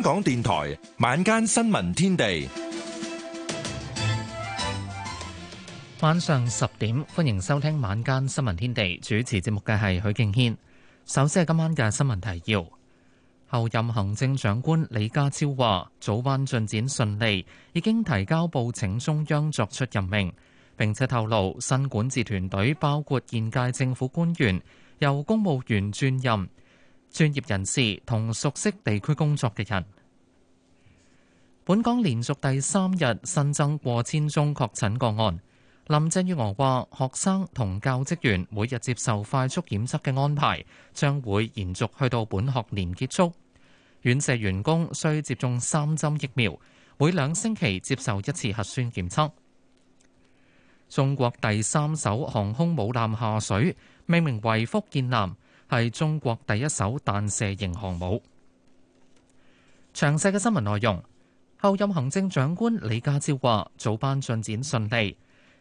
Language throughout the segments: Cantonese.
香港電台晚間新聞天地，晚上十點，歡迎收聽晚間新聞天地。主持節目嘅係許敬軒。首先係今晚嘅新聞提要。候任行政長官李家超話，早班進展順利，已經提交報請中央作出任命，並且透露新管治團隊包括現屆政府官員，由公務員轉任。專業人士同熟悉地區工作嘅人。本港連續第三日新增過千宗確診個案。林鄭月娥話：學生同教職員每日接受快速檢測嘅安排，將會延續去到本學年結束。院舍員工須接種三針疫苗，每兩星期接受一次核酸檢測。中國第三艘航空母艦下水，命名為福建艦。係中國第一艘彈射型航母。詳細嘅新聞內容，候任行政長官李家超話：早班進展順利，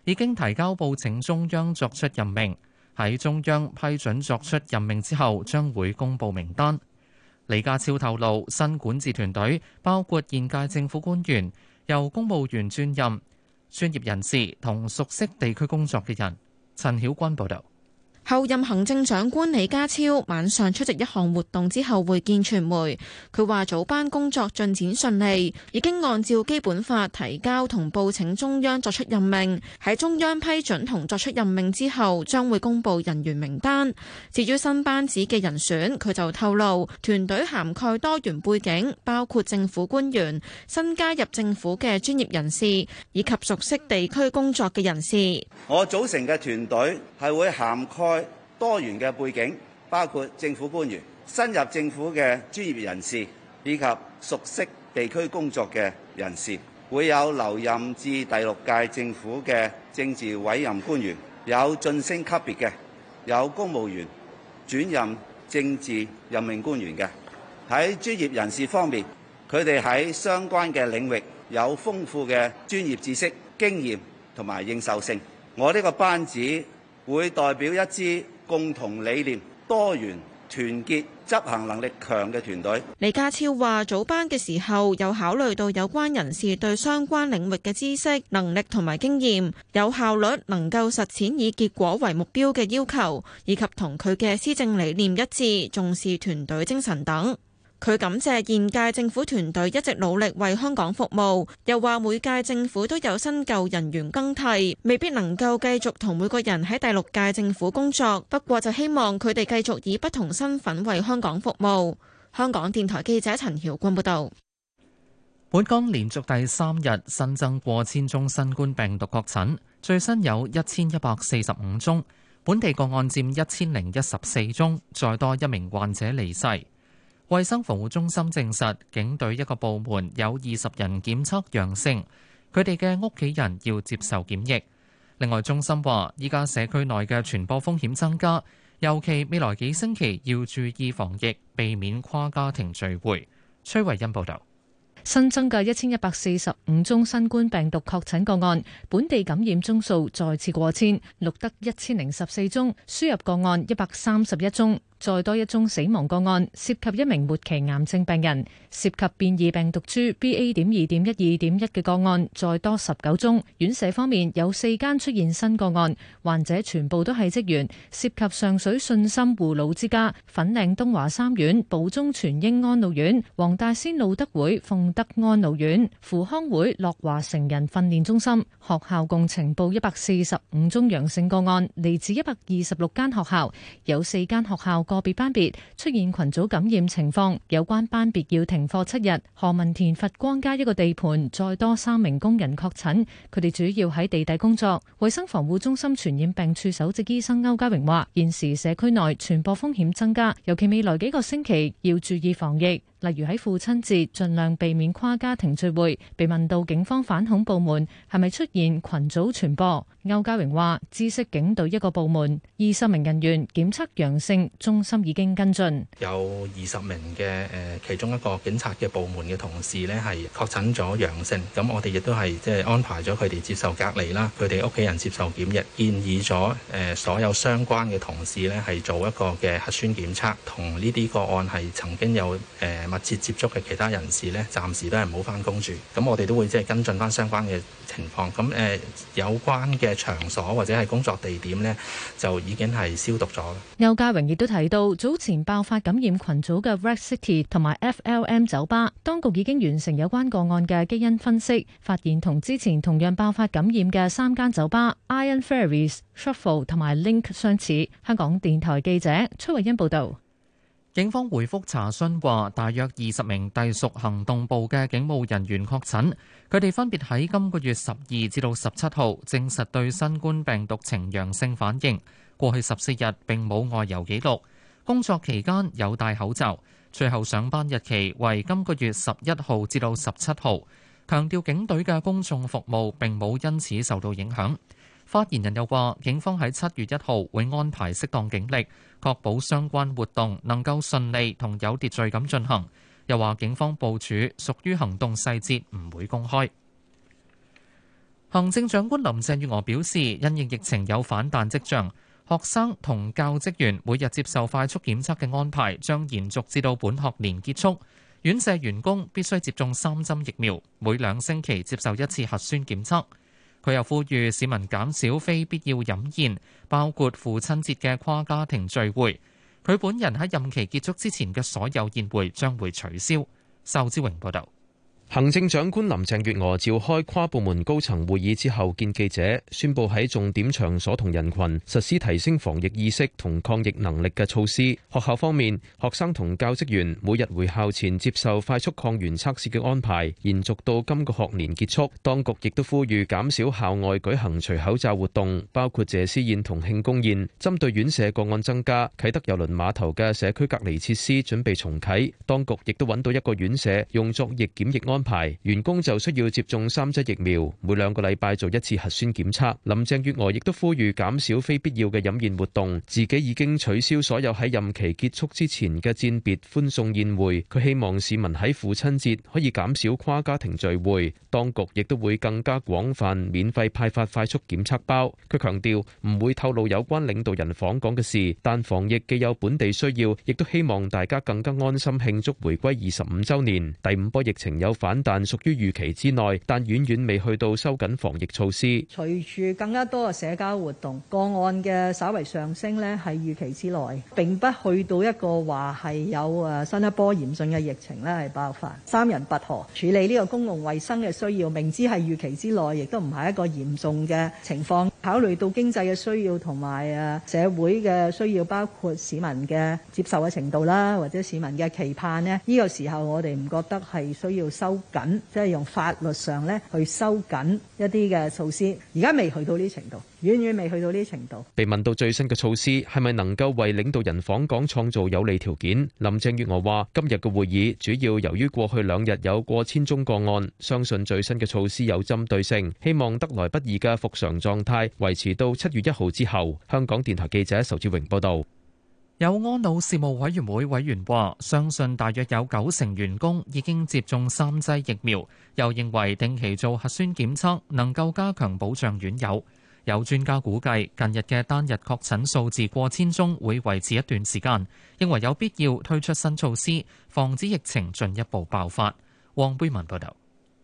已經提交報請中央作出任命。喺中央批准作出任命之後，將會公布名單。李家超透露，新管治團隊包括現屆政府官員，由公務員轉任，專業人士同熟悉地區工作嘅人。陳曉君報導。候任行政長官李家超晚上出席一項活動之後會見傳媒，佢話組班工作進展順利，已經按照基本法提交同報請中央作出任命。喺中央批准同作出任命之後，將會公布人員名單。至於新班子嘅人選，佢就透露團隊涵蓋多元背景，包括政府官員、新加入政府嘅專業人士以及熟悉地區工作嘅人士。我組成嘅團隊係會涵蓋。多元嘅背景，包括政府官員，新入政府嘅專業人士，以及熟悉地區工作嘅人士。會有留任至第六屆政府嘅政治委任官員，有晉升級別嘅，有公務員轉任政治任命官員嘅。喺專業人士方面，佢哋喺相關嘅領域有豐富嘅專業知識、經驗同埋應受性。我呢個班子會代表一支。共同理念、多元、團結、執行能力強嘅團隊。李家超話早班嘅時候有考慮到有關人士對相關領域嘅知識、能力同埋經驗有效率，能夠實踐以結果為目標嘅要求，以及同佢嘅施政理念一致，重視團隊精神等。佢感謝現屆政府團隊一直努力為香港服務，又話每屆政府都有新舊人員更替，未必能夠繼續同每個人喺第六屆政府工作。不過就希望佢哋繼續以不同身份為香港服務。香港電台記者陳曉君報導，本港連續第三日新增過千宗新冠病毒確診，最新有一千一百四十五宗，本地個案佔一千零一十四宗，再多一名患者離世。衛生防護中心證實，警隊一個部門有二十人檢測陽性，佢哋嘅屋企人要接受檢疫。另外，中心話依家社區內嘅傳播風險增加，尤其未來幾星期要注意防疫，避免跨家庭聚會。崔慧恩報道，新增嘅一千一百四十五宗新冠病毒確診個案，本地感染宗數再次過千，錄得一千零十四宗，輸入個案一百三十一宗。再多一宗死亡個案，涉及一名末期癌症病人，涉及變異病毒株 B A. 點二點一二點一嘅個案，再多十九宗。院舍方面有四間出現新個案，患者全部都係職員，涉及上水信心護老之家、粉嶺東華三院、寶中全英安老院、黃大仙路德會奉德安老院、扶康會樂華成人訓練中心。學校共呈報一百四十五宗陽性個案，嚟自一百二十六間學校，有四間學校個別班別出現群組感染情況，有關班別要停課七日。何文田佛光街一個地盤再多三名工人確診，佢哋主要喺地底工作。衛生防護中心傳染病處首席醫生歐家榮話，現時社區內傳播風險增加，尤其未來幾個星期要注意防疫。例如喺父親節，盡量避免跨家庭聚會。被問到警方反恐部門係咪出現群組傳播，歐家榮話：知識警隊一個部門二十名人員檢測陽性，中心已經跟進。有二十名嘅誒、呃、其中一個警察嘅部門嘅同事呢係確診咗陽性，咁我哋亦都係即係安排咗佢哋接受隔離啦，佢哋屋企人接受檢疫，建議咗誒、呃、所有相關嘅同事呢係做一個嘅核酸檢測，同呢啲個案係曾經有誒。呃呃密切接觸嘅其他人士呢，暫時都係冇翻工住。咁我哋都會即係跟進翻相關嘅情況。咁誒有關嘅場所或者係工作地點呢，就已經係消毒咗啦。歐家榮亦都提到，早前爆發感染群組嘅 Red City 同埋 F L M 酒吧，當局已經完成有關個案嘅基因分析，發現同之前同樣爆發感染嘅三間酒吧 Iron Fairies Shuffle 同埋 Link 相似。香港電台記者崔慧欣報道。警方回覆查詢話，大約二十名隸屬行動部嘅警務人員確診，佢哋分別喺今個月十二至到十七號證實對新冠病毒呈陽性反應。過去十四日並冇外遊記錄，工作期間有戴口罩。最後上班日期為今個月十一號至到十七號。強調警隊嘅公眾服務並冇因此受到影響。發言人又話，警方喺七月一號會安排適當警力。確保相關活動能夠順利同有秩序咁進行。又話警方部署屬於行動細節，唔會公開。行政長官林鄭月娥表示，因應疫情有反彈跡象，學生同教職員每日接受快速檢測嘅安排，將延續至到本學年結束。院舍員工必須接種三針疫苗，每兩星期接受一次核酸檢測。佢又呼籲市民減少非必要飲宴，包括父親節嘅跨家庭聚會。佢本人喺任期結束之前嘅所有宴會將會取消。仇志榮報道。行政長官林鄭月娥召開跨部門高層會議之後見記者，宣布喺重點場所同人群實施提升防疫意識同抗疫能力嘅措施。學校方面，學生同教職員每日回校前接受快速抗原測試嘅安排，延續到今個學年結束。當局亦都呼籲減少校外舉行除口罩活動，包括謝師宴同慶功宴。針對院舍個案增加，啟德郵輪碼頭嘅社區隔離設施準備重啟。當局亦都揾到一個院舍用作疫檢疫安。安排員工就需要接種三劑疫苗，每兩個禮拜做一次核酸檢測。林鄭月娥亦都呼籲減少非必要嘅飲宴活動，自己已經取消所有喺任期結束之前嘅餞別歡送宴會。佢希望市民喺父親節可以減少跨家庭聚會，當局亦都會更加廣泛免費派發快速檢測包。佢強調唔會透露有關領導人訪港嘅事，但防疫既有本地需要，亦都希望大家更加安心慶祝回歸二十五週年。第五波疫情有反反彈屬於預期之內，但遠遠未去到收緊防疫措施。隨住更加多嘅社交活動，個案嘅稍微上升呢，係預期之內，並不去到一個話係有誒新一波嚴峻嘅疫情咧係爆發。三人拔河處理呢個公共衛生嘅需要，明知係預期之內，亦都唔係一個嚴重嘅情況。考慮到經濟嘅需要同埋啊社會嘅需要，包括市民嘅接受嘅程度啦，或者市民嘅期盼呢。呢個時候我哋唔覺得係需要收。緊即係用法律上咧去收緊一啲嘅措施，而家未去到呢程度，遠遠未去到呢程度。被問到最新嘅措施係咪能夠為領導人訪港創造有利條件，林鄭月娥話：今日嘅會議主要由於過去兩日有過千宗個案，相信最新嘅措施有針對性，希望得來不易嘅復常狀態維持到七月一號之後。香港電台記者仇志榮報導。有安老事務委員會委員話：相信大約有九成員工已經接種三劑疫苗，又認為定期做核酸檢測能夠加強保障院友。有專家估計，近日嘅單日確診數字過千宗會維持一段時間，認為有必要推出新措施，防止疫情進一步爆發。汪貝文報導。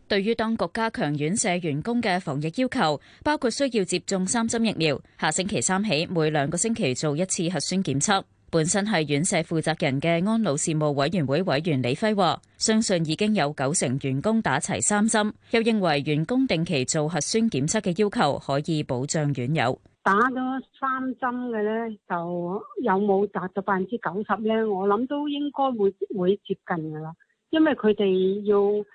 對於當局加強院舍員工嘅防疫要求，包括需要接種三針疫苗，下星期三起每兩個星期做一次核酸檢測。本身係院舍負責人嘅安老事務委員會委員李輝話：相信已經有九成員工打齊三針，又認為員工定期做核酸檢測嘅要求可以保障院友。打咗三針嘅咧，就有冇達到百分之九十咧？我諗都應該會會接近噶啦，因為佢哋要誒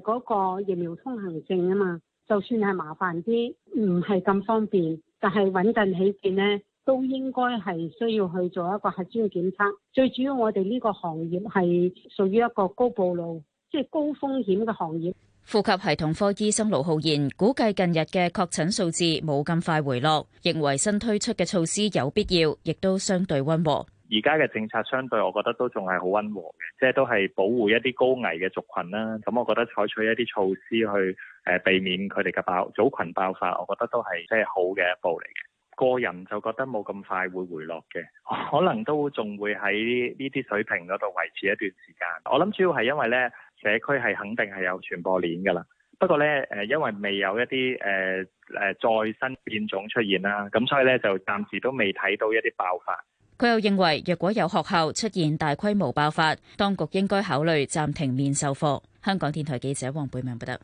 嗰個疫苗通行證啊嘛，就算係麻煩啲，唔係咁方便，但係穩陣起見咧。都應該係需要去做一個核酸嘅檢測。最主要，我哋呢個行業係屬於一個高暴露、即係高風險嘅行業。呼吸系統科醫生盧浩然估計近日嘅確診數字冇咁快回落，認為新推出嘅措施有必要，亦都相對溫和。而家嘅政策相對，我覺得都仲係好溫和嘅，即係都係保護一啲高危嘅族群啦。咁我覺得採取一啲措施去誒避免佢哋嘅爆組群爆發，我覺得都係即係好嘅一步嚟嘅。個人就覺得冇咁快會回落嘅，可能都仲會喺呢啲水平嗰度維持一段時間。我諗主要係因為呢社區係肯定係有傳播鏈㗎啦。不過呢，誒，因為未有一啲誒誒再新變種出現啦，咁所以呢，就暫時都未睇到一啲爆發。佢又認為，若果有學校出現大規模爆發，當局應該考慮暫停面授課。香港電台記者王貝文報道。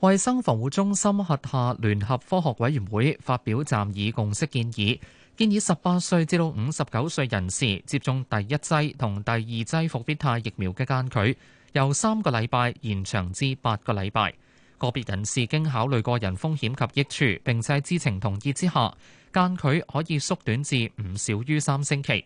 衛生防護中心轄下聯合科學委員會發表暫議共識建議，建議十八歲至到五十九歲人士接種第一劑同第二劑復必泰疫苗嘅間距由三個禮拜延長至八個禮拜。個別人士經考慮個人風險及益處並且在知情同意之下，間距可以縮短至唔少於三星期。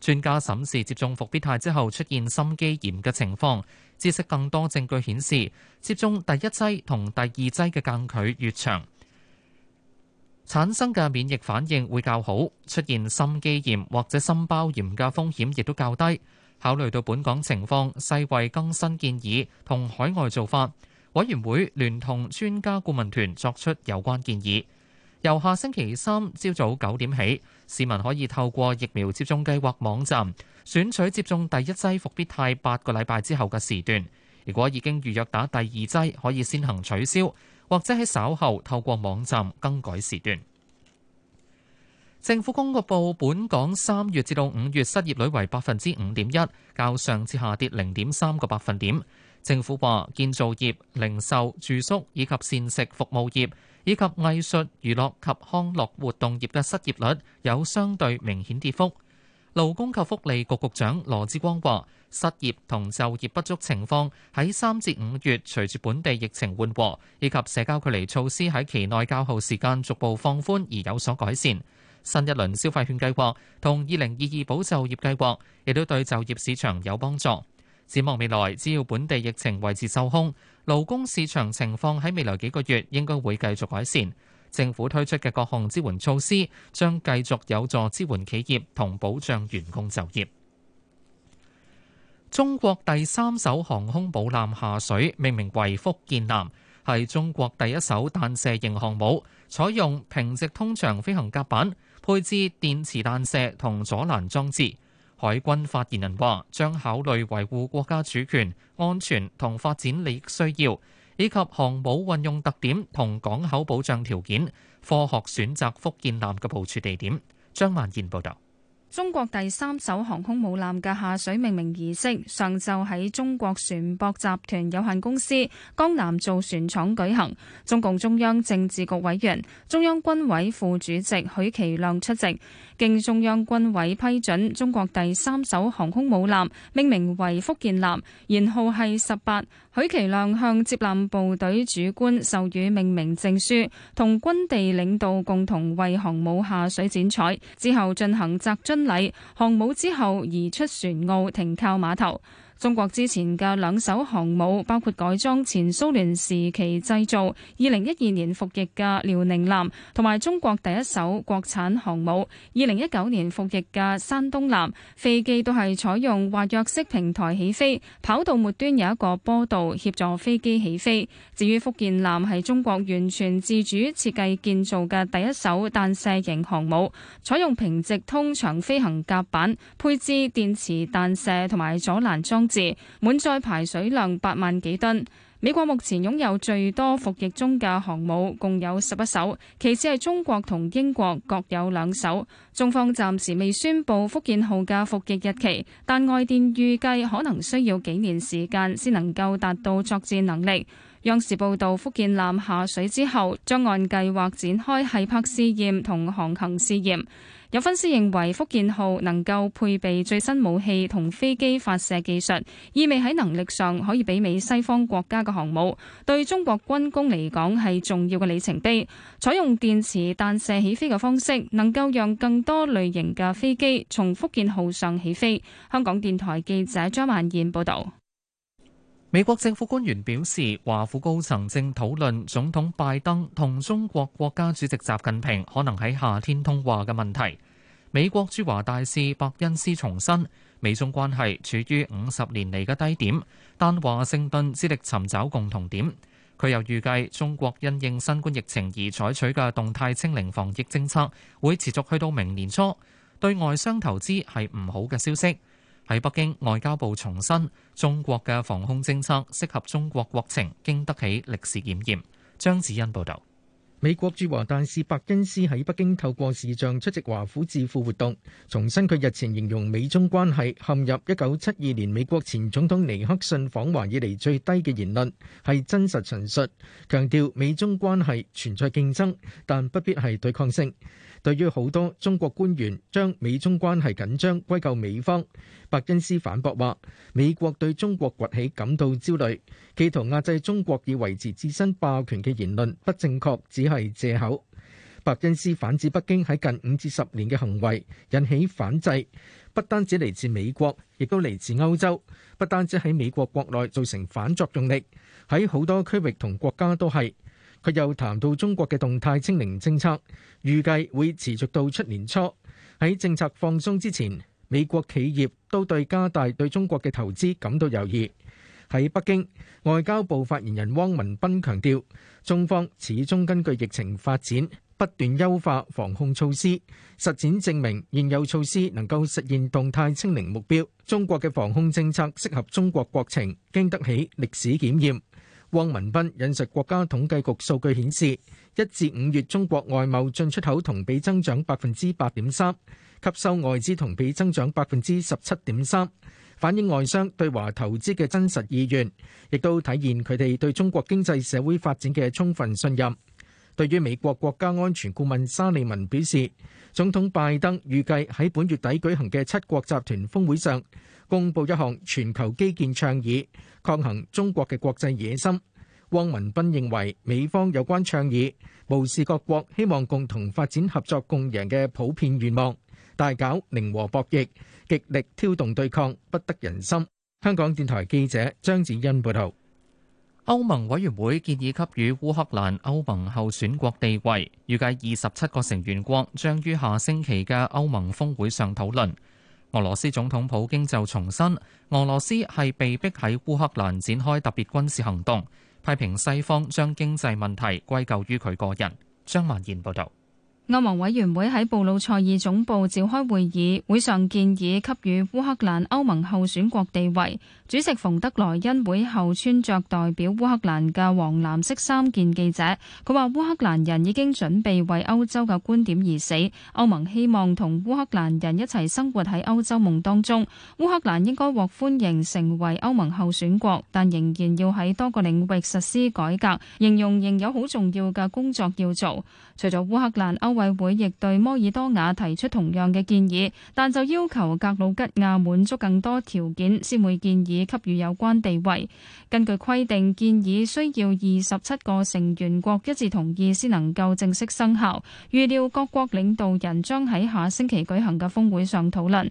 專家審視接種復必泰之後出現心肌炎嘅情況。知識更多證據顯示，接種第一劑同第二劑嘅間距越長，產生嘅免疫反應會較好，出現心肌炎或者心包炎嘅風險亦都較低。考慮到本港情況，世衞更新建議同海外做法，委員會聯同專家顧問團作出有關建議。由下星期三朝早九點起，市民可以透過疫苗接種計劃網站選取接種第一劑復必泰八個禮拜之後嘅時段。如果已經預約打第二劑，可以先行取消，或者喺稍後透過網站更改時段。政府公布本港三月至到五月失業率為百分之五點一，較上次下跌零點三個百分點。政府話，建造業、零售、住宿以及膳食服務業、以及藝術、娛樂及康樂活動業嘅失業率有相對明顯跌幅。勞工及福利局局長羅志光話，失業同就業不足情況喺三至五月隨住本地疫情緩和，以及社交距離措施喺期內較後時間逐步放寬而有所改善。新一輪消費券計劃同二零二二保就業計劃亦都對就業市場有幫助。展望未來，只要本地疫情維持受控，勞工市場情況喺未來幾個月應該會繼續改善，政府推出嘅各項支援措施將繼續有助支援企業同保障員工就業。中國第三艘航空母艦下水，命名為福建艦，係中國第一艘彈射型航母，採用平直通長飛行甲板，配置電磁彈射同阻攔裝置。海軍發言人話：將考慮維護國家主權、安全同發展利益需要，以及航母運用特點同港口保障條件，科學選擇福建艦嘅部署地點。張萬賢報道。中國第三艘航空母艦嘅下水命名儀式，上晝喺中國船舶集團有限公司江南造船廠舉行。中共中央政治局委員、中央軍委副主席許其亮出席，經中央軍委批准，中國第三艘航空母艦命名為福建艦，舷號係十八。許其亮向接艦部隊主官授予命名證書，同軍地領導共同為航母下水剪彩，之後進行擲樽禮，航母之後移出船塢，停靠碼頭。中國之前嘅兩艘航母，包括改裝前蘇聯時期製造、二零一二年服役嘅遼寧艦，同埋中國第一艘國產航母、二零一九年服役嘅山東艦。飛機都係採用滑躍式平台起飛，跑道末端有一個坡道協助飛機起飛。至於福建艦係中國完全自主設計建造嘅第一艘彈射型航母，採用平直通長飛行甲板，配置電磁彈射同埋阻攔裝。字滿載排水量八萬幾噸。美國目前擁有最多服役中嘅航母，共有十一艘，其次係中國同英國各有兩艘。中方暫時未宣布福建號嘅服役日期，但外電預計可能需要幾年時間先能夠達到作戰能力。央視報道，福建艦下水之後，將按計劃展開繫泊試驗同航行試驗。有分析認為，福建號能夠配備最新武器同飛機發射技術，意味喺能力上可以媲美西方國家嘅航母。對中國軍工嚟講係重要嘅里程碑。採用電磁彈射起飛嘅方式，能夠讓更多類型嘅飛機從福建號上起飛。香港電台記者張曼燕報導。美國政府官員表示，華府高層正討論總統拜登同中國國家主席習近平可能喺夏天通話嘅問題。美國駐華大使伯恩斯重申，美中關係處於五十年嚟嘅低點，但華盛頓致力尋找共同點。佢又預計中國因應新冠疫情而採取嘅動態清零防疫政策會持續去到明年初，對外商投資係唔好嘅消息。喺北京，外交部重申中國嘅防控政策適合中國國情，經得起歷史檢驗。張子欣報道。美國駐華大使伯恩斯喺北京透過視像出席華府智庫活動，重申佢日前形容美中關係陷入一九七二年美國前總統尼克遜訪華以嚟最低嘅言論，係真實陳述，強調美中關係存在競爭，但不必係對抗性。對於好多中國官員將美中關係緊張歸咎美方，白恩斯反駁話：美國對中國崛起感到焦慮，企圖壓制中國以維持自身霸權嘅言論不正確，只係藉口。白恩斯反指北京喺近五至十年嘅行為引起反制，不單止嚟自美國，亦都嚟自歐洲，不單止喺美國國內造成反作用力，喺好多區域同國家都係。佢又談到中國嘅動態清零政策，預計會持續到出年初。喺政策放鬆之前，美國企業都對加大對中國嘅投資感到猶豫。喺北京，外交部發言人汪文斌強調，中方始終根據疫情發展不斷優化防控措施，實踐證明現有措施能夠實現動態清零目標。中國嘅防控政策適合中國國情，經得起歷史檢驗。汪文斌引述國家統計局數據顯示，一至五月中國外貿進出口同比增長百分之八點三，吸收外資同比增長百分之十七點三，反映外商對華投資嘅真實意願，亦都體現佢哋對中國經濟社會發展嘅充分信任。對於美國國家安全顧問沙利文表示，總統拜登預計喺本月底舉行嘅七國集團峰會上，公布一項全球基建倡議抗衡中國嘅國際野心。汪文斌認為美方有關倡議無視各國希望共同發展、合作共贏嘅普遍願望，大搞零和博弈，極力挑動對抗，不得人心。香港電台記者張子欣報道。歐盟委員會建議給予烏克蘭歐盟候選國地位，預計二十七個成員國將於下星期嘅歐盟峰會上討論。俄羅斯總統普京就重申，俄羅斯係被迫喺烏克蘭展開特別軍事行動，批評西方將經濟問題歸咎於佢個人。張萬賢報導。歐盟委員會喺布魯塞爾總部召開會議，會上建議給予烏克蘭歐盟候選國地位。主席馮德萊恩會後穿着代表烏克蘭嘅黃藍色衫見記者，佢話烏克蘭人已經準備為歐洲嘅觀點而死。歐盟希望同烏克蘭人一齊生活喺歐洲夢當中。烏克蘭應該獲歡迎成為歐盟候選國，但仍然要喺多個領域實施改革，形容仍有好重要嘅工作要做。除咗烏克蘭歐委會亦對摩爾多瓦提出同樣嘅建議，但就要求格魯吉亞滿足更多條件，先會建議給予有關地位。根據規定，建議需要二十七個成員國一致同意先能夠正式生效。預料各國領導人將喺下星期舉行嘅峰會上討論。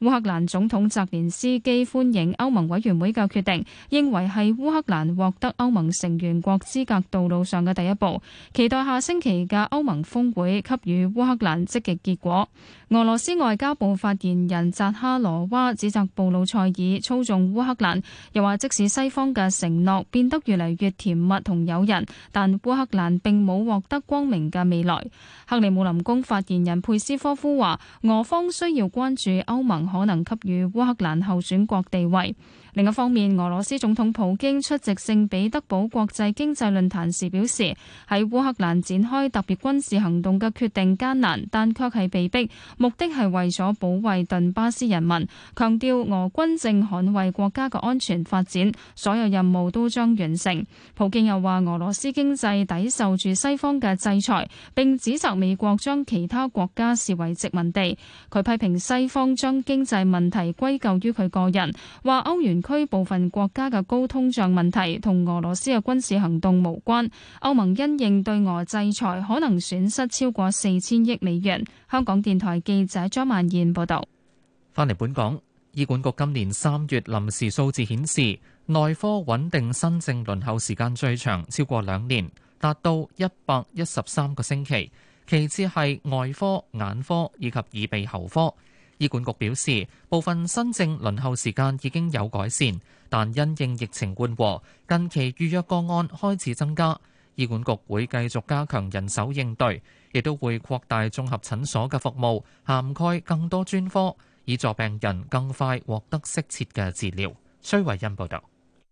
烏克蘭總統澤連斯基歡迎歐盟委員會嘅決定，認為係烏克蘭獲得歐盟成員國資格道路上嘅第一步，期待下星期嘅歐盟峰會給予烏克蘭積極結果。俄羅斯外交部發言人扎哈羅娃指責布魯塞爾操縱烏克蘭，又話即使西方嘅承諾變得越嚟越甜蜜同誘人，但烏克蘭並冇獲得光明嘅未來。克里姆林宮發言人佩斯科夫話，俄方需要關注歐盟。可能給予烏克蘭候選國地位。另一方面，俄羅斯總統普京出席聖彼得堡國際經濟論壇時表示，喺烏克蘭展開特別軍事行動嘅決定艱難，但卻係被逼，目的係為咗保衛頓巴斯人民。強調俄軍正捍衛國家嘅安全發展，所有任務都將完成。普京又話，俄羅斯經濟抵受住西方嘅制裁，並指責美國將其他國家視為殖民地。佢批評西方將經濟問題歸咎於佢個人，話歐元區部分國家嘅高通脹問題同俄羅斯嘅軍事行動無關。歐盟因應對俄制裁，可能損失超過四千億美元。香港電台記者張萬燕報道。返嚟本港，醫管局今年三月臨時數字顯示，內科穩定新症輪候時間最長，超過兩年，達到一百一十三個星期。其次係外科、眼科以及耳鼻喉科。醫管局表示，部分新症輪候時間已經有改善，但因應疫情緩和，近期預約個案開始增加。醫管局會繼續加強人手應對，亦都會擴大綜合診所嘅服務，涵蓋更多專科，以助病人更快獲得適切嘅治療。崔惠恩報道。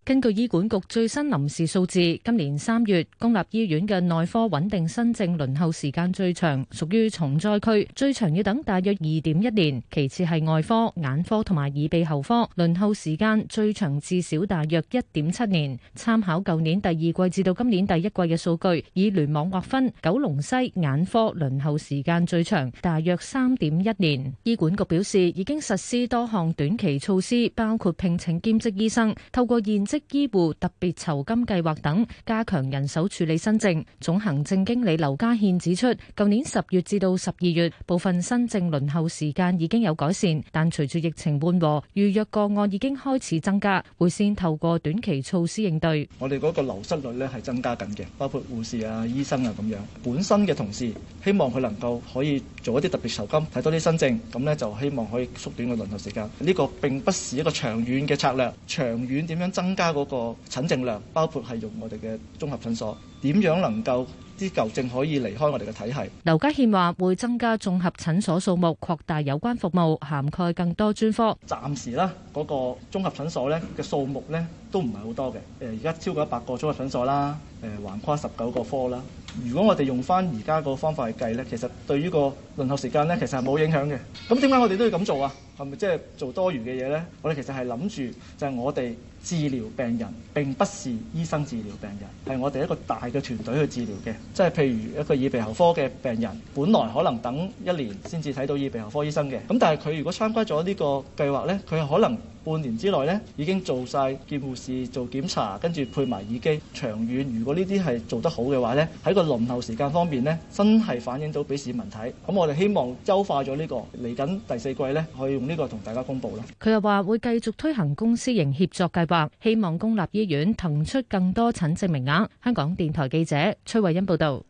根據醫管局最新臨時數字，今年三月公立醫院嘅內科穩定新症輪候時間最長，屬於重災區，最長要等大約二點一年。其次係外科、眼科同埋耳鼻喉科，輪候時間最長至少大約一點七年。參考舊年第二季至到今年第一季嘅數據，以聯網劃分，九龍西眼科輪候時間最長，大約三點一年。醫管局表示已經實施多項短期措施，包括聘請兼職醫生，透過現即醫護特別酬金計劃等，加強人手處理新政。總行政經理劉家憲指出，舊年十月至到十二月，部分新政輪候時間已經有改善，但隨住疫情緩和，預約個案已經開始增加，會先透過短期措施應對。我哋嗰個流失率咧係增加緊嘅，包括護士啊、醫生啊咁樣。本身嘅同事希望佢能夠可以做一啲特別酬金，睇多啲新政，咁咧就希望可以縮短個輪候時間。呢個並不是一個長遠嘅策略，長遠點樣增加？加嗰個診症量，包括係用我哋嘅綜合診所，點樣能夠啲舊症可以離開我哋嘅體系？劉家憲話會增加綜合診所數目，擴大有關服務，涵蓋更多專科。暫時啦，嗰個綜合診所咧嘅數目咧都唔係好多嘅。誒而家超過一百個綜合診所啦，誒橫跨十九個科啦。如果我哋用翻而家個方法去計咧，其實對於個輪候時間咧，其實，係冇影響嘅。咁點解我哋都要咁做啊？係咪即係做多餘嘅嘢咧？我哋其實，係諗住就係我哋。治療病人並不是醫生治療病人，係我哋一個大嘅團隊去治療嘅。即係譬如一個耳鼻喉科嘅病人，本來可能等一年先至睇到耳鼻喉科醫生嘅，咁但係佢如果參加咗呢個計劃呢，佢可能。半年之內呢，已經做晒見護士做檢查，跟住配埋耳機。長遠如果呢啲係做得好嘅話呢，喺個輪候時間方面呢，真係反映到俾市民睇。咁、嗯、我哋希望優化咗呢、這個，嚟緊第四季呢，可以用呢個同大家公布啦。佢又話會繼續推行公私營協作計劃，希望公立醫院騰出更多診症名額。香港電台記者崔慧欣報道。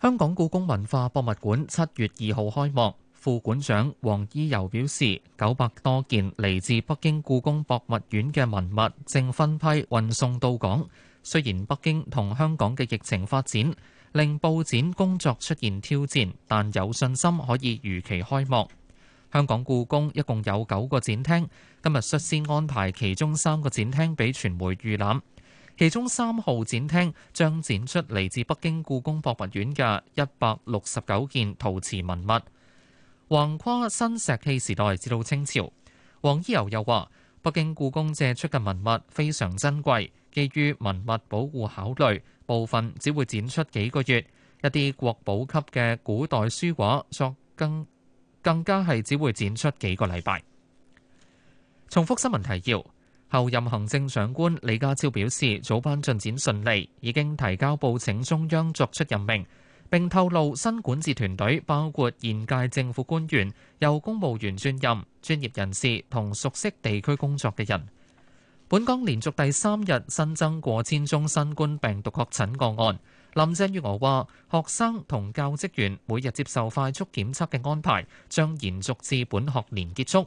香港故宮文化博物館七月二號開幕。副館長黃依柔表示，九百多件嚟自北京故宮博物院嘅文物正分批運送到港。雖然北京同香港嘅疫情發展令布展工作出現挑戰，但有信心可以如期開幕。香港故宮一共有九個展廳，今日率先安排其中三個展廳俾傳媒預覽。其中三號展廳將展出嚟自北京故宮博物院嘅一百六十九件陶瓷文物。橫跨新石器時代至到清朝，黃依柔又話：北京故宮借出嘅文物非常珍貴，基於文物保護考慮，部分只會展出幾個月；一啲國寶級嘅古代書畫，作更更加係只會展出幾個禮拜。重複新聞提要。後任行政長官李家超表示，組班進展順利，已經提交報請中央作出任命。並透露新管治團隊包括現屆政府官員、由公務員轉任專業人士同熟悉地區工作嘅人。本港連續第三日新增過千宗新冠病毒確診個案。林鄭月娥話：學生同教職員每日接受快速檢測嘅安排，將延續至本學年結束。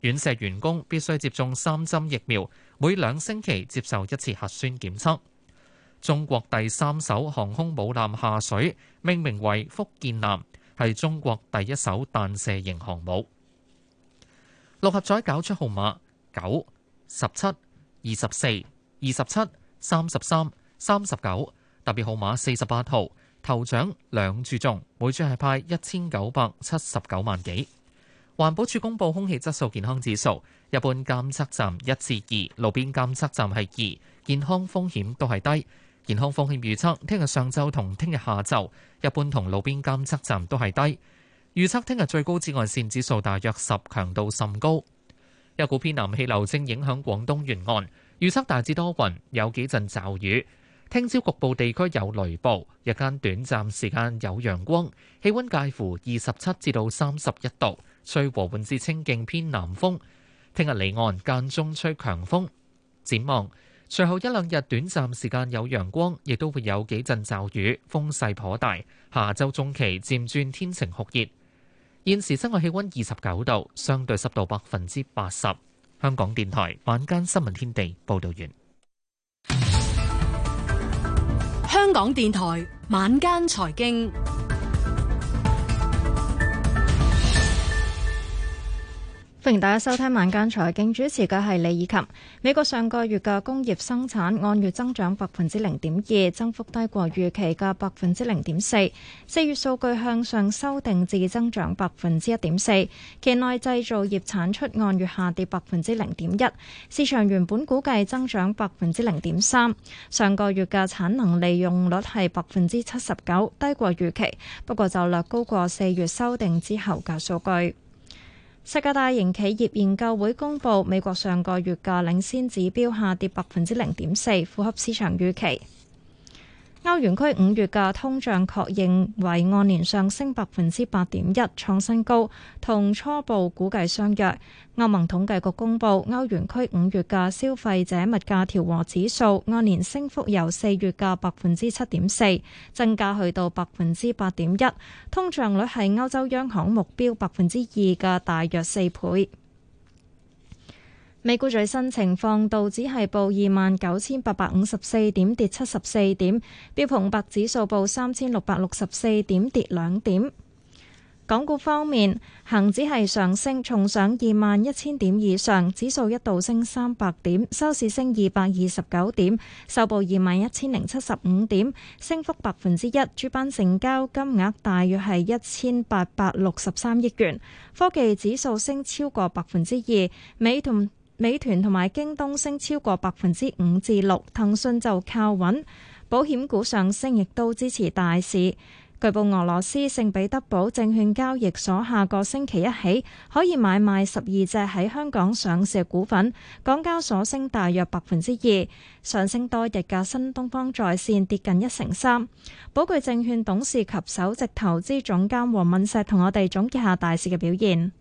院舍員工必須接種三針疫苗，每兩星期接受一次核酸檢測。中國第三艘航空母艦下水，命名為福建艦，係中國第一艘彈射型航母。六合彩攪出號碼九、十七、二十四、二十七、三十三、三十九，特別號碼四十八號，頭獎兩注中，每注係派一千九百七十九萬幾。環保署公布空氣質素健康指數，一般監測站一至二，2，路邊監測站係二，健康風險都係低。健康風險預測：聽日上晝同聽日下晝，一般同路邊監測站都係低。預測聽日最高紫外線指數大約十，強度甚高。一股偏南氣流正影響廣東沿岸，預測大致多雲，有幾陣驟雨。聽朝局部地區有雷暴，日間短暫時間有陽光。氣温介乎二十七至到三十一度，吹和緩至清勁偏南風。聽日離岸間中吹強風。展望。隨後一兩日短暫時間有陽光，亦都會有幾陣驟雨，風勢頗大。下周中期漸轉天晴酷熱。現時室外氣溫二十九度，相對濕度百分之八十。香港電台晚間新聞天地報道完。香港電台晚間財經。歡迎大家收聽晚間財經，主持嘅係李以琴。美國上個月嘅工業生產按月增長百分之零點二，增幅低過預期嘅百分之零點四。四月數據向上修訂至增長百分之一點四。期內製造業產出按月下跌百分之零點一，市場原本估計增長百分之零點三。上個月嘅產能利用率係百分之七十九，低過預期，不過就略高過四月修訂之後嘅數據。世界大型企業研究會公佈，美國上個月嘅領先指標下跌百分之零點四，符合市場預期。歐元區五月嘅通脹確認為按年上升百分之八點一，創新高，同初步估計相若。歐盟統計局公布，歐元區五月嘅消費者物價調和指數按年升幅由四月嘅百分之七點四，增加去到百分之八點一，通脹率係歐洲央行目標百分之二嘅大約四倍。美股最新情況，道指係報二萬九千八百五十四點，跌七十四點；標普五百指數報三千六百六十四點，跌兩點。港股方面，恒指係上升，重上二萬一千點以上，指數一度升三百點，收市升二百二十九點，收報二萬一千零七十五點，升幅百分之一。主板成交金額大約係一千八百六十三億元。科技指數升超過百分之二，美同。美團同埋京東升超過百分之五至六，騰訊就靠穩。保險股上升，亦都支持大市。據報俄羅斯聖彼得堡證券交易所下個星期一起可以買賣十二隻喺香港上市嘅股份。港交所升大約百分之二，上升多日嘅新東方在線跌近一成三。寶聚證券董事及首席投資總監黃敏碩同我哋總結下大市嘅表現。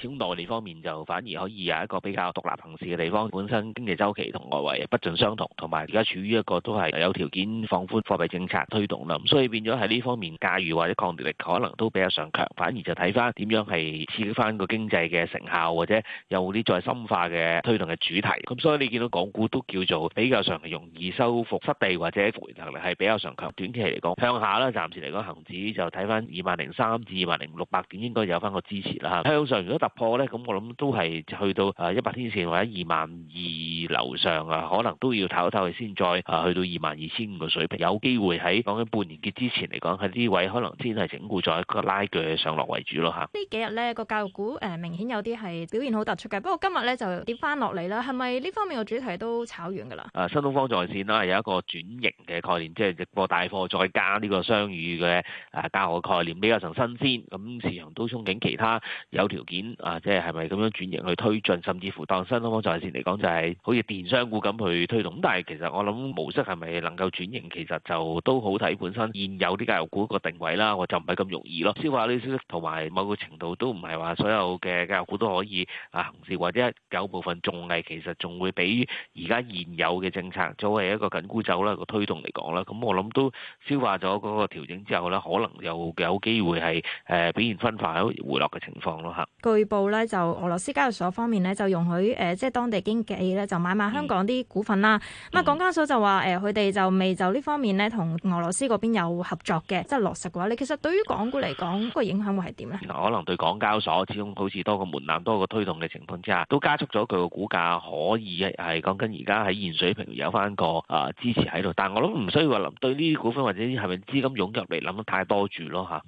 香港內地方面就反而可以有一個比較獨立行事嘅地方，本身經濟周期同外圍不盡相同，同埋而家處於一個都係有條件放寬貨幣政策推動啦，咁所以變咗喺呢方面駕馭或者抗跌力，力可能都比較上強，反而就睇翻點樣係刺激翻個經濟嘅成效或者有啲再深化嘅推動嘅主題。咁所以你見到港股都叫做比較上係容易收復失地或者復原能力係比較上強，短期嚟講向下啦，暫時嚟講恒指就睇翻二萬零三至二萬零六百點應該有翻個支持啦。向上如果破咧，咁我諗都係去到啊一百天線或者二萬二樓上啊，可能都要唞一唞先，再啊去到二萬二千五嘅水平，有機會喺講緊半年結之前嚟講，喺呢位可能先係整固咗一個拉鋸上落為主咯嚇。幾呢幾日咧，個教育股誒明顯有啲係表現好突出嘅，不過今日咧就跌翻落嚟啦。係咪呢方面嘅主題都炒完㗎啦？誒，新東方在線啦，有一個轉型嘅概念，即係直播帶貨再加呢個雙語嘅誒教學概念比較上新鮮，咁市場都憧憬其他有條件。啊，即係係咪咁樣轉型去推進，甚至乎當新東方在線嚟講，就係好似電商股咁去推動。咁但係其實我諗模式係咪能夠轉型，其實就都好睇本身現有啲教育股個定位啦，我就唔係咁容易咯。消化呢啲消息同埋某個程度都唔係話所有嘅教育股都可以啊行市，或者有部分重壓，其實仲會畀而家現有嘅政策作為一個緊箍咒啦個推動嚟講啦。咁我諗都消化咗嗰個調整之後咧，可能又有機會係誒表現分化、回落嘅情況咯嚇。據報咧就俄羅斯交易所方面咧就容許誒、呃，即係當地經紀咧就買買香港啲股份啦。咁啊、嗯，港交所就話誒，佢、呃、哋就未就呢方面咧同俄羅斯嗰邊有合作嘅，即係落實嘅話，你其實對於港股嚟講，嗰、那個影響會係點咧？可能對港交所始終好似多個門檻、多個推動嘅情況之下，都加速咗佢個股價，可以係講緊而家喺現水平有翻個啊、呃、支持喺度。但係我都諗唔需要話對呢啲股份或者係咪資金湧入嚟諗得太多住咯吓。啊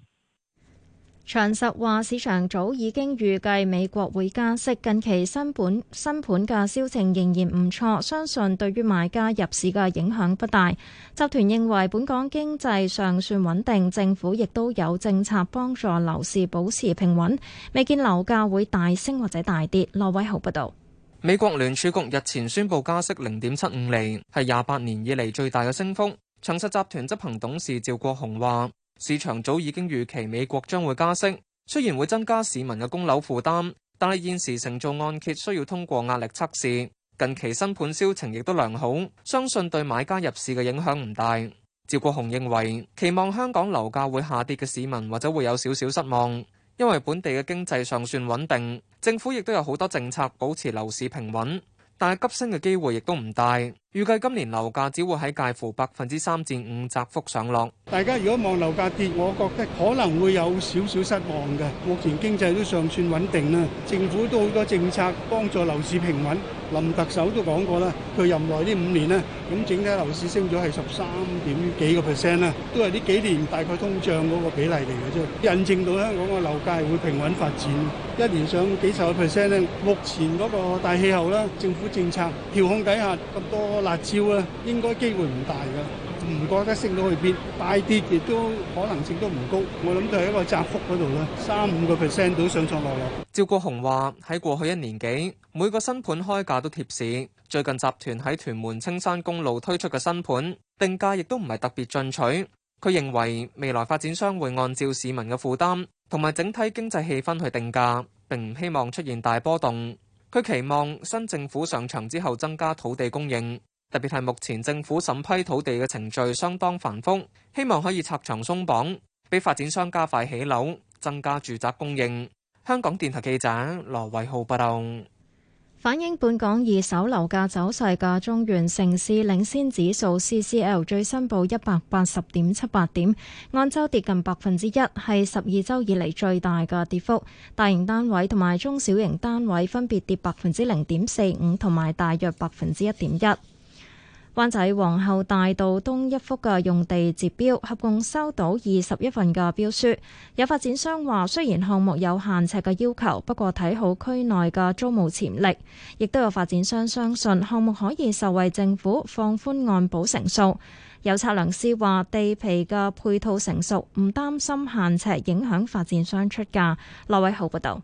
長實話，市場早已經預計美國會加息，近期新本新盤嘅銷情仍然唔錯，相信對於買家入市嘅影響不大。集團認為本港經濟尚算穩定，政府亦都有政策幫助樓市保持平穩，未見樓價會大升或者大跌。駱偉豪報道，美國聯儲局日前宣布加息零點七五厘，係廿八年以嚟最大嘅升幅。長實集團執行董事趙國雄話。市場早已經預期美國將會加息，雖然會增加市民嘅供樓負擔，但係現時承造按揭需要通過壓力測試，近期新盤銷情亦都良好，相信對買家入市嘅影響唔大。趙國雄認為，期望香港樓價會下跌嘅市民或者會有少少失望，因為本地嘅經濟尚算穩定，政府亦都有好多政策保持樓市平穩，但係急升嘅機會亦都唔大。預計今年樓價只會喺介乎百分之三至五窄幅上落。大家如果望樓價跌，我覺得可能會有少少失望嘅。目前經濟都尚算穩定啦，政府都好多政策幫助樓市平穩。林特首都講過啦，佢任內呢五年咧，咁整體樓市升咗係十三點幾個 percent 啦，都係呢幾年大概通脹嗰個比例嚟嘅啫，印證到香港嘅樓價係會平穩發展，一年上幾十個 percent 咧。目前嗰個大氣候啦，政府政策調控底下咁多。辣椒啊，應該機會唔大㗎，唔覺得升到去邊，大跌亦都可能性都唔高。我諗就係一個窄幅嗰度啦，三五個 percent 都上上落落啦。趙國雄話：喺過去一年幾，每個新盤開價都貼市。最近集團喺屯門青山公路推出嘅新盤，定價亦都唔係特別進取。佢認為未來發展商會按照市民嘅負擔同埋整體經濟氣氛去定價，並唔希望出現大波動。佢期望新政府上場之後增加土地供應。特別係目前政府審批土地嘅程序相當繁複，希望可以拆牆鬆綁，俾發展商加快起樓，增加住宅供應。香港電台記者羅偉浩報道。反映本港二手樓價走勢嘅中原城市領先指數 CCL 最新報一百八十點七八點，按週跌近百分之一，係十二週以嚟最大嘅跌幅。大型單位同埋中小型單位分別跌百分之零點四五同埋大約百分之一點一。灣仔皇后大道東一幅嘅用地截標，合共收到二十一份嘅標書。有發展商話，雖然項目有限尺嘅要求，不過睇好區內嘅租務潛力，亦都有發展商相信項目可以受惠政府放寬按保成數。有測量師話，地皮嘅配套成熟，唔擔心限尺影響發展商出價。羅偉豪報道。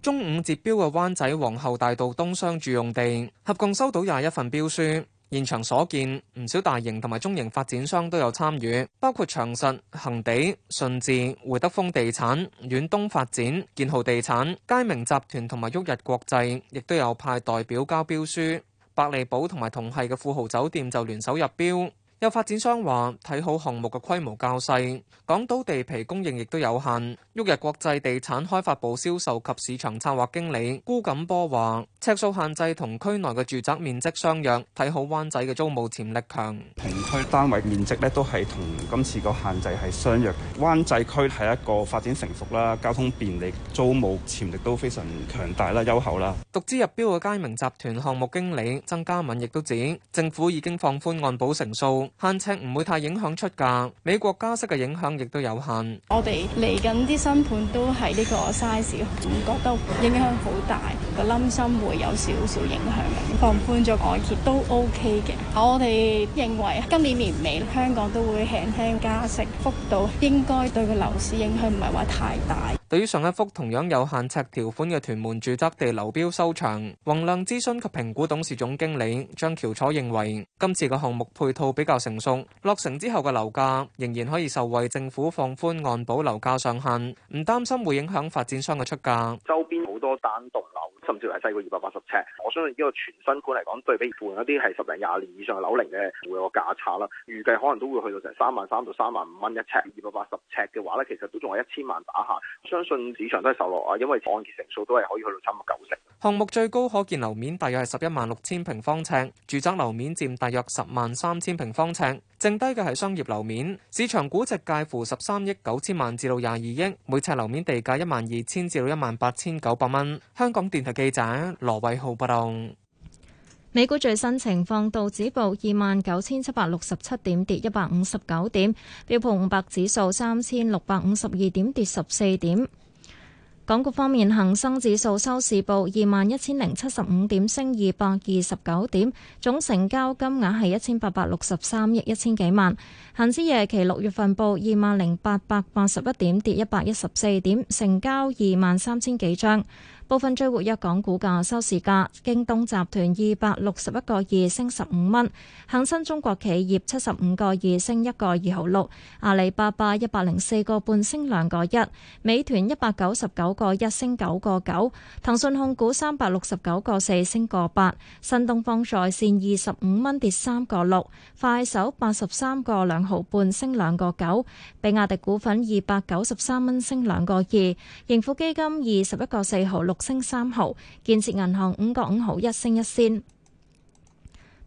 中午截標嘅灣仔皇后大道東商住用地，合共收到廿一份標書。現場所見，唔少大型同埋中型發展商都有參與，包括長實、恒地、順治、會德豐地產、遠東發展、建豪地產、佳明集團同埋旭日國際，亦都有派代表交標書。百利保同埋同系嘅富豪酒店就聯手入標。有發展商話睇好項目嘅規模較細，港島地皮供應亦都有限。旭日國際地產開發部銷售及市場策劃經理顧錦波話，呎數限制同區內嘅住宅面積相若，睇好灣仔嘅租務潛力強。平區單位面積呢都係同今次個限制係相若，灣仔區係一個發展成熟啦，交通便利，租務潛力都非常強大啦，優厚啦。獨資入標嘅佳明集團項目經理曾家敏亦都指，政府已經放寬按保成數。限尺唔會太影響出價，美國加息嘅影響亦都有限。我哋嚟緊啲新盤都係呢個 size，唔覺得影響好大，個冧心會有少少影響，放寬咗外揭都 OK 嘅。我哋認為今年年尾香港都會輕輕加息，幅度應該對個樓市影響唔係話太大。對於上一幅同樣有限尺條款嘅屯門住宅地樓標收場，宏亮諮詢及評估董事總經理張喬楚認為，今次個項目配套比較成熟，落成之後嘅樓價仍然可以受惠政府放寬按保樓價上限，唔擔心會影響發展商嘅出價。周邊好多單棟樓，甚至係細過二百八十尺，我相信呢個全新盤嚟講，對比附近一啲係十零廿年以就係樓齡嘅會有個價差啦，預計可能都會去到成三萬三到三萬五蚊一尺，二百八十尺嘅話咧，其實都仲係一千萬打下，相信市場都係受落啊，因為按揭成數都係可以去到差唔多九成。項目最高可建樓面大約係十一萬六千平方尺，住宅樓面佔大約十萬三千平方尺，剩低嘅係商業樓面。市場估值介乎十三億九千萬至到廿二億，每尺樓面地價一萬二千至到一萬八千九百蚊。香港電台記者羅偉浩報道。美股最新情況，道指報二萬九千七百六十七點，跌一百五十九點；標普五百指數三千六百五十二點，跌十四點。港股方面，恒生指數收市報二萬一千零七十五點，升二百二十九點，總成交金額係一千八百六十三億一千幾萬。恆指夜期六月份報二萬零八百八十一點，跌一百一十四點，成交二萬三千幾張。部分追活一港股價收市價，京東集團二百六十一個二升十五蚊，恒生中國企業七十五個二升一個二毫六，阿里巴巴一百零四個半升兩個一，美團一百九十九個一升九個九，騰訊控股三百六十九個四升個八，新東方在線二十五蚊跌三個六，快手八十三個兩毫半升兩個九，比亞迪股份二百九十三蚊升兩個二，盈富基金二十一個四毫六。升三毫，建設銀行五個五毫一升一仙。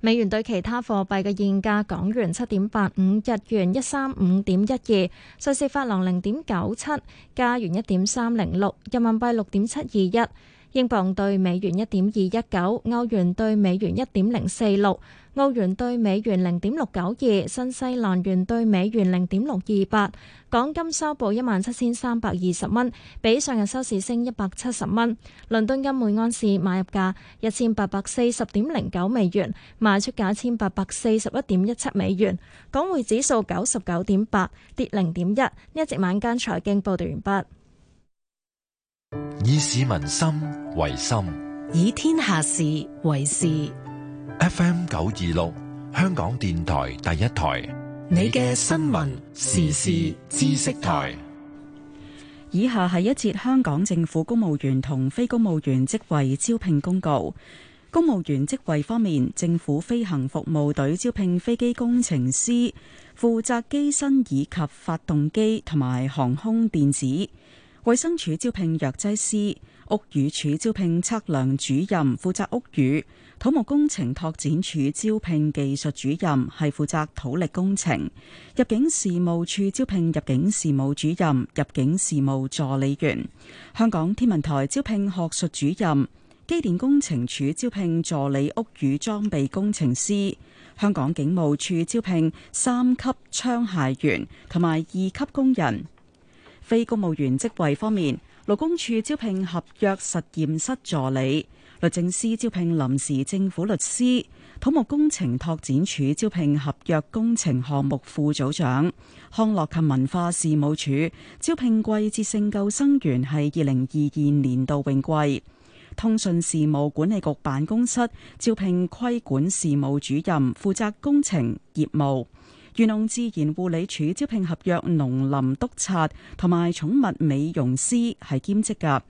美元兌其他貨幣嘅現價：港元七點八五，日元一三五點一二，瑞士法郎零點九七，加元一點三零六，人民幣六點七二一。英鎊兌美元一點二一九，歐元兌美元一點零四六，歐元兌美元零點六九二，新西蘭元兌美元零點六二八。港金收報一萬七千三百二十蚊，比上日收市升一百七十蚊。倫敦金每安士買入價一千八百四十點零九美元，賣出價一千八百四十一點一七美元。港匯指數九十九點八，跌零點一。呢一節晚間財經報道完畢。以市民心為心，以天下事為事。FM 九二六，香港電台第一台，你嘅新聞時事知識台。以下係一節香港政府公務員同非公務員職位招聘公告。公務員職位方面，政府飛行服務隊招聘飛機工程師，負責機身以及發動機同埋航空電子。衛生署招聘藥劑師，屋宇署招聘測量主任，負責屋宇，土木工程拓展署招聘技術主任，係負責土力工程。入境事務處招聘入境事務主任、入境事務助理員。香港天文台招聘學術主任，機電工程署招聘助理屋宇裝備工程師。香港警務處招聘三級槍械員同埋二級工人。非公務員職位方面，勞工處招聘合約實驗室助理，律政司招聘臨時政府律師，土木工程拓展署招聘合約工程項目副組長，康樂及文化事務署招聘季節性救生員，係二零二二年度泳季，通訊事務管理局辦公室招聘規管事務主任，負責工程業務。漁農自然護理處招聘合約農林督察同埋寵物美容師係兼職㗎，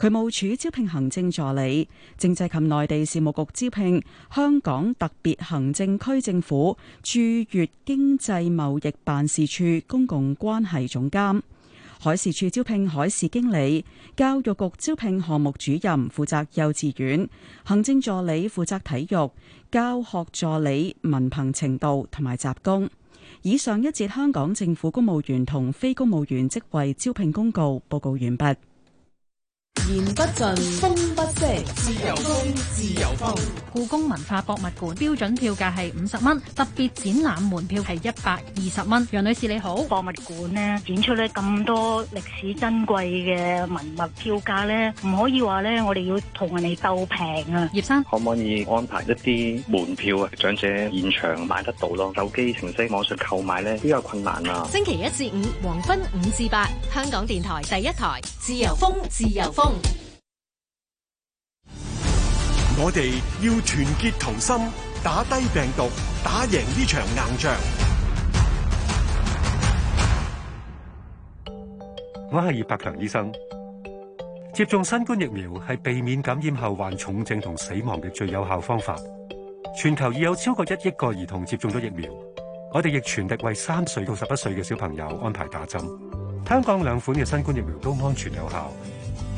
渠務處招聘行政助理，政制及內地事務局招聘香港特別行政區政府駐粵經濟貿易辦事處公共關係總監，海事處招聘海事經理，教育局招聘項目主任負責幼稚園，行政助理負責體育，教學助理文憑程度同埋雜工。以上一節香港政府公務員同非公務員職位招聘，公告報告完畢。言不盡，風不息，自由風，自由風。故宮文化博物館標準票價係五十蚊，特別展覽門票係一百二十蚊。楊女士你好，博物館呢，展出呢咁多歷史珍貴嘅文物，票價呢，唔可以話呢，我哋要同人哋鬥平啊。葉生，可唔可以安排一啲門票啊？長者現場買得到咯，手機程式網上購買呢，比較困難啊。星期一至五黃昏五至八，香港電台第一台，自由風，自由風。我哋要團結同心，打低病毒，打贏呢場硬仗。我係葉柏強醫生，接種新冠疫苗係避免感染後患重症同死亡嘅最有效方法。全球已有超過一億個兒童接種咗疫苗，我哋亦全力為三歲到十一歲嘅小朋友安排打針。香港兩款嘅新冠疫苗都安全有效。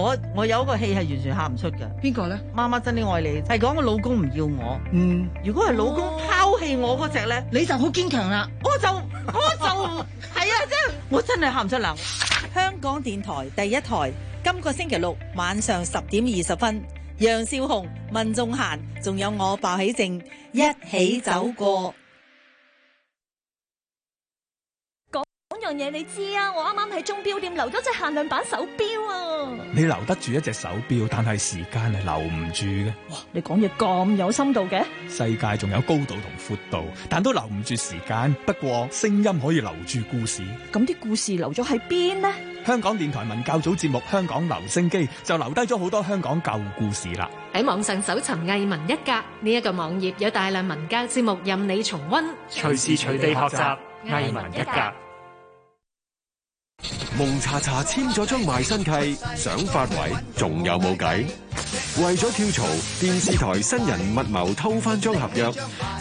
我我有一個戲係完全喊唔出嘅，邊個呢？媽媽真的愛你，係講我老公唔要我。嗯，如果係老公拋棄我嗰隻呢，哦、你就好堅強啦。我就我就係啊，即 我真係喊唔出嚟。香港電台第一台，今個星期六晚上十點二十分，楊少紅、文仲嫻，仲有我鮑起靜，一起走過。樣嘢，你知啊！我啱啱喺鐘表店留咗隻限量版手錶啊！你留得住一隻手表，但係時間係留唔住嘅。哇！你講嘢咁有深度嘅，世界，仲有高度同闊度，但都留唔住時間。不過聲音可以留住故事。咁啲故事留咗喺邊呢？香港電台文教組節目《香港留聲機》就留低咗好多香港舊故事啦。喺網上搜尋藝文一格呢一個網頁，有大量文教節目任你重溫，隨時隨地學習藝文一格。蒙查查簽咗張賣身契，想發圍仲有冇計？為咗跳槽，電視台新人密謀偷翻張合約。